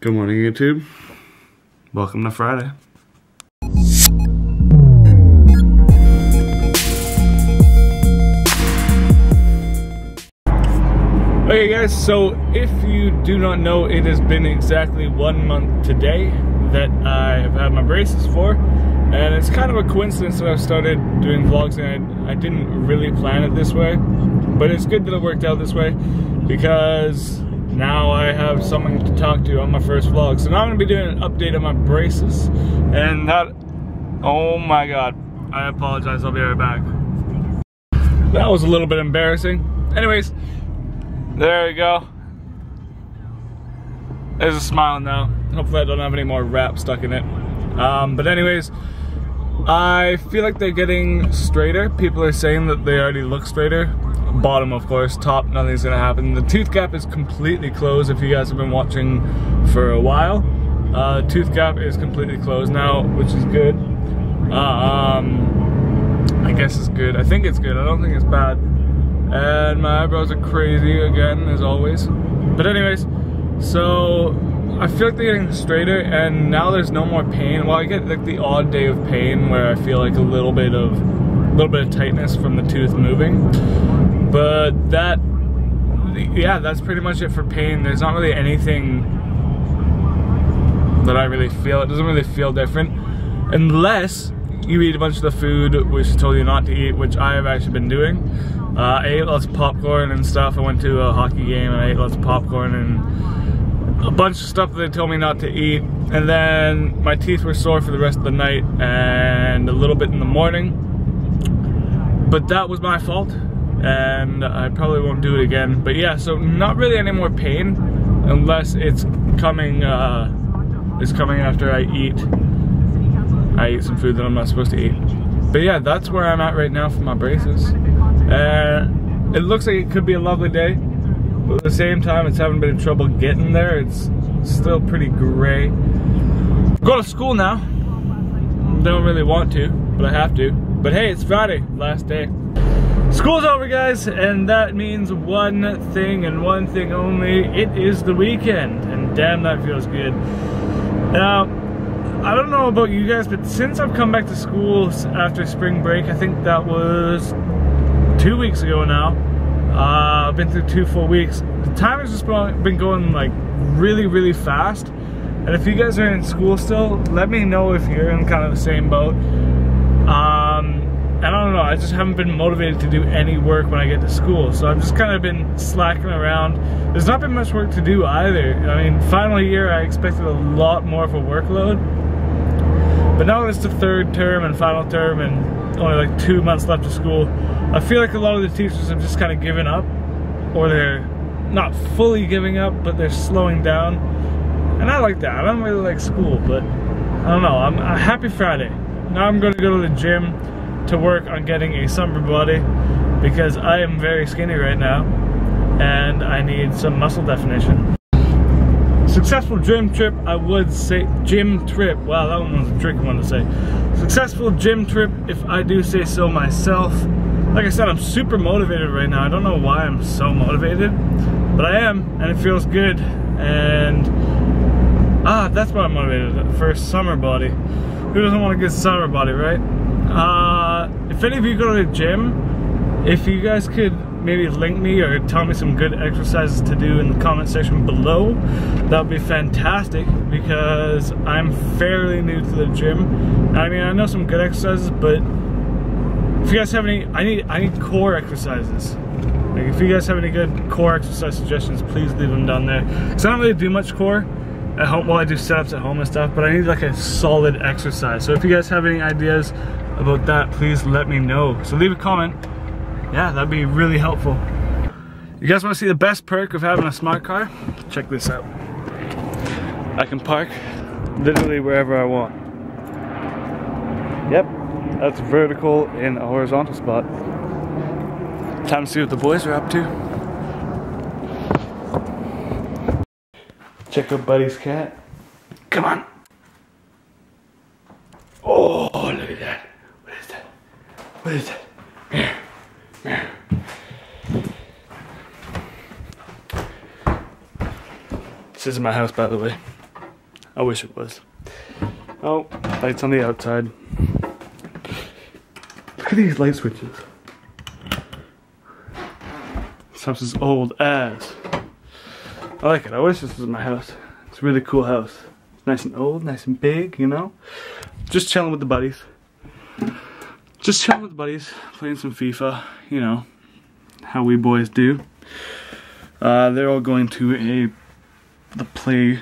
Good morning, YouTube. Welcome to Friday. Okay guys, so if you do not know, it has been exactly one month today that I have had my braces for. And it's kind of a coincidence that I've started doing vlogs and I, I didn't really plan it this way. But it's good that it worked out this way because now I have someone to talk to on my first vlog. So now I'm gonna be doing an update on my braces. And that, oh my God. I apologize, I'll be right back. That was a little bit embarrassing. Anyways, there you go. There's a smile now. Hopefully I don't have any more wrap stuck in it. Um, but anyways, I feel like they're getting straighter. People are saying that they already look straighter, bottom of course top nothing's gonna happen the tooth gap is completely closed if you guys have been watching for a while uh, tooth gap is completely closed now which is good uh, um, I guess it's good I think it's good I don't think it's bad and my eyebrows are crazy again as always but anyways so I feel like they're getting straighter and now there's no more pain well I get like the odd day of pain where I feel like a little bit of a little bit of tightness from the tooth moving but that, yeah, that's pretty much it for pain. There's not really anything that I really feel. It doesn't really feel different unless you eat a bunch of the food which told you not to eat, which I have actually been doing. Uh, I ate lots of popcorn and stuff. I went to a hockey game and I ate lots of popcorn and a bunch of stuff that they told me not to eat. And then my teeth were sore for the rest of the night and a little bit in the morning. But that was my fault and I probably won't do it again. But yeah, so not really any more pain unless it's coming uh, it's coming after I eat I eat some food that I'm not supposed to eat. But yeah, that's where I'm at right now for my braces. Uh, it looks like it could be a lovely day, but at the same time, it's having a bit of trouble getting there. It's still pretty gray. Go to school now. Don't really want to, but I have to. But hey, it's Friday, last day. School's over guys, and that means one thing and one thing only. It is the weekend, and damn that feels good. Now, I don't know about you guys, but since I've come back to school after spring break, I think that was two weeks ago now. Uh, I've been through two full weeks. The time has just been going like really, really fast. And if you guys are in school still, let me know if you're in kind of the same boat. Um, I don't know, I just haven't been motivated to do any work when I get to school. So I've just kind of been slacking around. There's not been much work to do either. I mean, final year I expected a lot more of a workload. But now that it's the third term and final term and only like two months left of school, I feel like a lot of the teachers have just kind of given up. Or they're not fully giving up, but they're slowing down. And I like that. I don't really like school, but I don't know. I'm, I'm happy Friday. Now I'm going to go to the gym to work on getting a summer body because I am very skinny right now and I need some muscle definition. Successful gym trip, I would say, gym trip, wow that one was a tricky one to say. Successful gym trip, if I do say so myself. Like I said, I'm super motivated right now. I don't know why I'm so motivated, but I am and it feels good and ah, that's why I'm motivated for summer body. Who doesn't want a good summer body, right? Uh, uh, if any of you go to the gym, if you guys could maybe link me or tell me some good exercises to do in the comment section below, that would be fantastic because I'm fairly new to the gym. I mean, I know some good exercises, but if you guys have any, I need, I need core exercises. Like if you guys have any good core exercise suggestions, please leave them down there. Cause I don't really do much core at home. Well, I do setups at home and stuff, but I need like a solid exercise. So if you guys have any ideas, about that, please let me know. So leave a comment. Yeah, that'd be really helpful. You guys wanna see the best perk of having a smart car? Check this out. I can park literally wherever I want. Yep, that's vertical in a horizontal spot. Time to see what the boys are up to. Check out Buddy's cat. Come on. Oh, look at that. What is that? Mirror. Mirror. This isn't my house, by the way. I wish it was. Oh, lights on the outside. Look at these light switches. This house is old as. I like it. I wish this was my house. It's a really cool house. It's nice and old, nice and big, you know? Just chilling with the buddies just chilling with buddies, playing some FIFA, you know, how we boys do. Uh, they're all going to a, the play,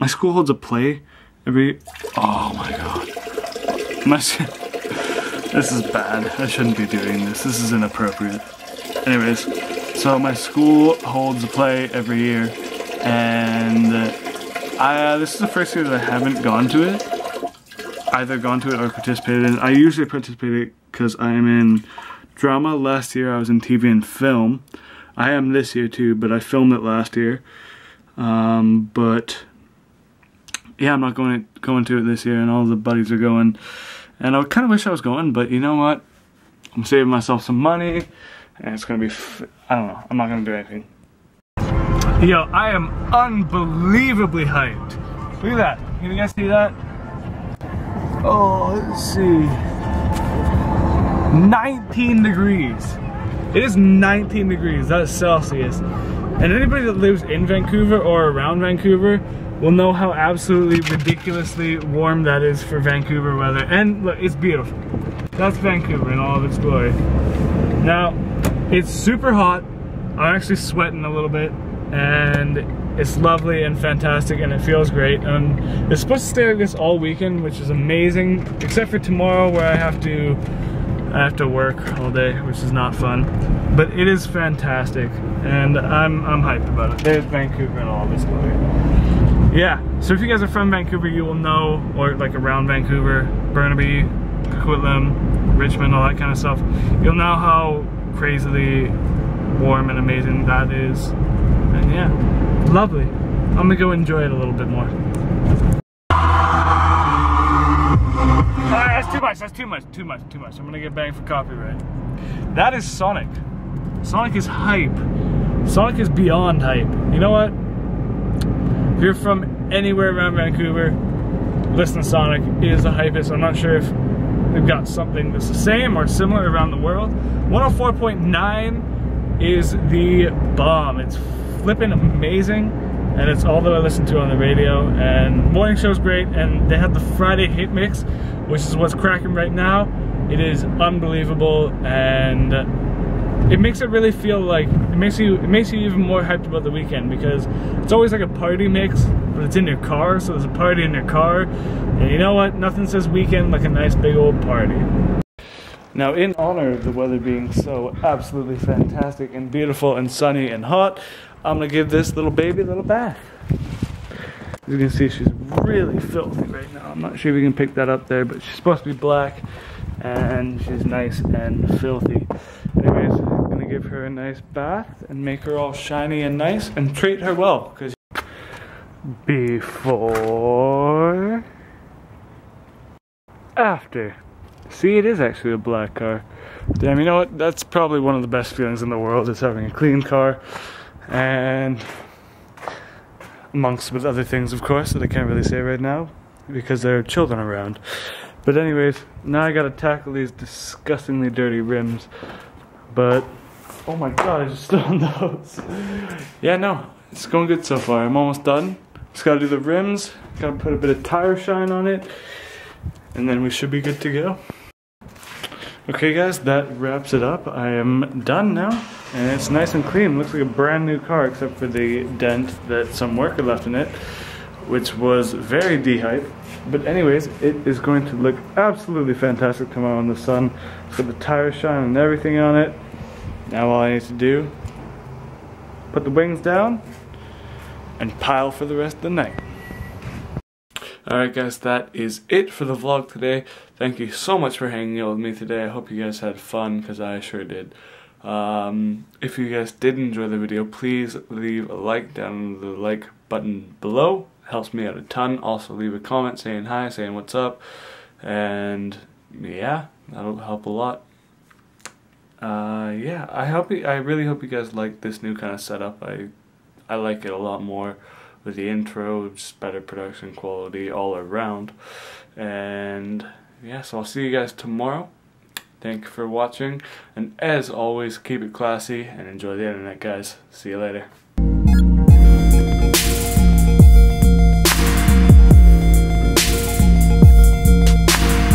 my school holds a play every, oh my god. My, this is bad, I shouldn't be doing this, this is inappropriate. Anyways, so my school holds a play every year, and uh, I, uh, this is the first year that I haven't gone to it, either gone to it or participated in. I usually participate because I'm in drama. Last year I was in TV and film. I am this year too, but I filmed it last year. Um, but yeah, I'm not going to, going to it this year, and all the buddies are going. And I kind of wish I was going, but you know what? I'm saving myself some money, and it's going to be, I I don't know, I'm not going to do anything. Yo, I am unbelievably hyped. Look at that. Can you guys see that? oh, let's see. 19 degrees. It is 19 degrees, that's Celsius. And anybody that lives in Vancouver or around Vancouver will know how absolutely ridiculously warm that is for Vancouver weather. And look, it's beautiful. That's Vancouver in all of its glory. Now, it's super hot. I'm actually sweating a little bit and it's lovely and fantastic and it feels great. And it's supposed to stay like this all weekend, which is amazing, except for tomorrow where I have to I have to work all day, which is not fun. But it is fantastic, and I'm, I'm hyped about it. There's Vancouver and all this glory. Yeah, so if you guys are from Vancouver, you will know, or like around Vancouver, Burnaby, Coquitlam, Richmond, all that kind of stuff. You'll know how crazily warm and amazing that is. And yeah lovely. I'm gonna go enjoy it a little bit more. that's too much, that's too much, too much, too much. I'm gonna get banged for copyright. That is Sonic. Sonic is hype. Sonic is beyond hype. You know what? If you're from anywhere around Vancouver, listen Sonic. is the hypest. I'm not sure if we've got something that's the same or similar around the world. 104.9 is the bomb. It's flipping amazing and it's all that I listen to on the radio. And morning show's great, and they have the Friday hit mix, which is what's cracking right now. It is unbelievable, and it makes it really feel like it makes you it makes you even more hyped about the weekend because it's always like a party mix, but it's in your car, so there's a party in your car, and you know what? Nothing says weekend like a nice big old party. Now, in honor of the weather being so absolutely fantastic and beautiful and sunny and hot, I'm gonna give this little baby a little bath. As you can see, she's really filthy right now. I'm not sure if you can pick that up there, but she's supposed to be black and she's nice and filthy. Anyways, I'm gonna give her a nice bath and make her all shiny and nice and treat her well because before after. See, it is actually a black car. Damn, you know what? That's probably one of the best feelings in the world is having a clean car and amongst with other things, of course, that I can't really say right now because there are children around. But anyways, now I gotta tackle these disgustingly dirty rims. But oh my god, I just stood on those. yeah, no, it's going good so far. I'm almost done. Just gotta do the rims. Gotta put a bit of tire shine on it, and then we should be good to go. Okay, guys, that wraps it up. I am done now. And it's nice and clean, looks like a brand new car except for the dent that some worker left in it, which was very dehyped. But anyways, it is going to look absolutely fantastic tomorrow in the sun. So the tire shine and everything on it. Now all I need to do, put the wings down and pile for the rest of the night. Alright guys, that is it for the vlog today. Thank you so much for hanging out with me today. I hope you guys had fun, because I sure did. Um, if you guys did enjoy the video, please leave a like down the like button below. It helps me out a ton. Also leave a comment saying hi, saying what's up. And yeah, that'll help a lot. Uh, yeah, I hope you, I really hope you guys like this new kind of setup. I I like it a lot more with the intro, just better production quality all around. And yeah, so I'll see you guys tomorrow. Thank you for watching, and as always, keep it classy and enjoy the internet, guys. See you later.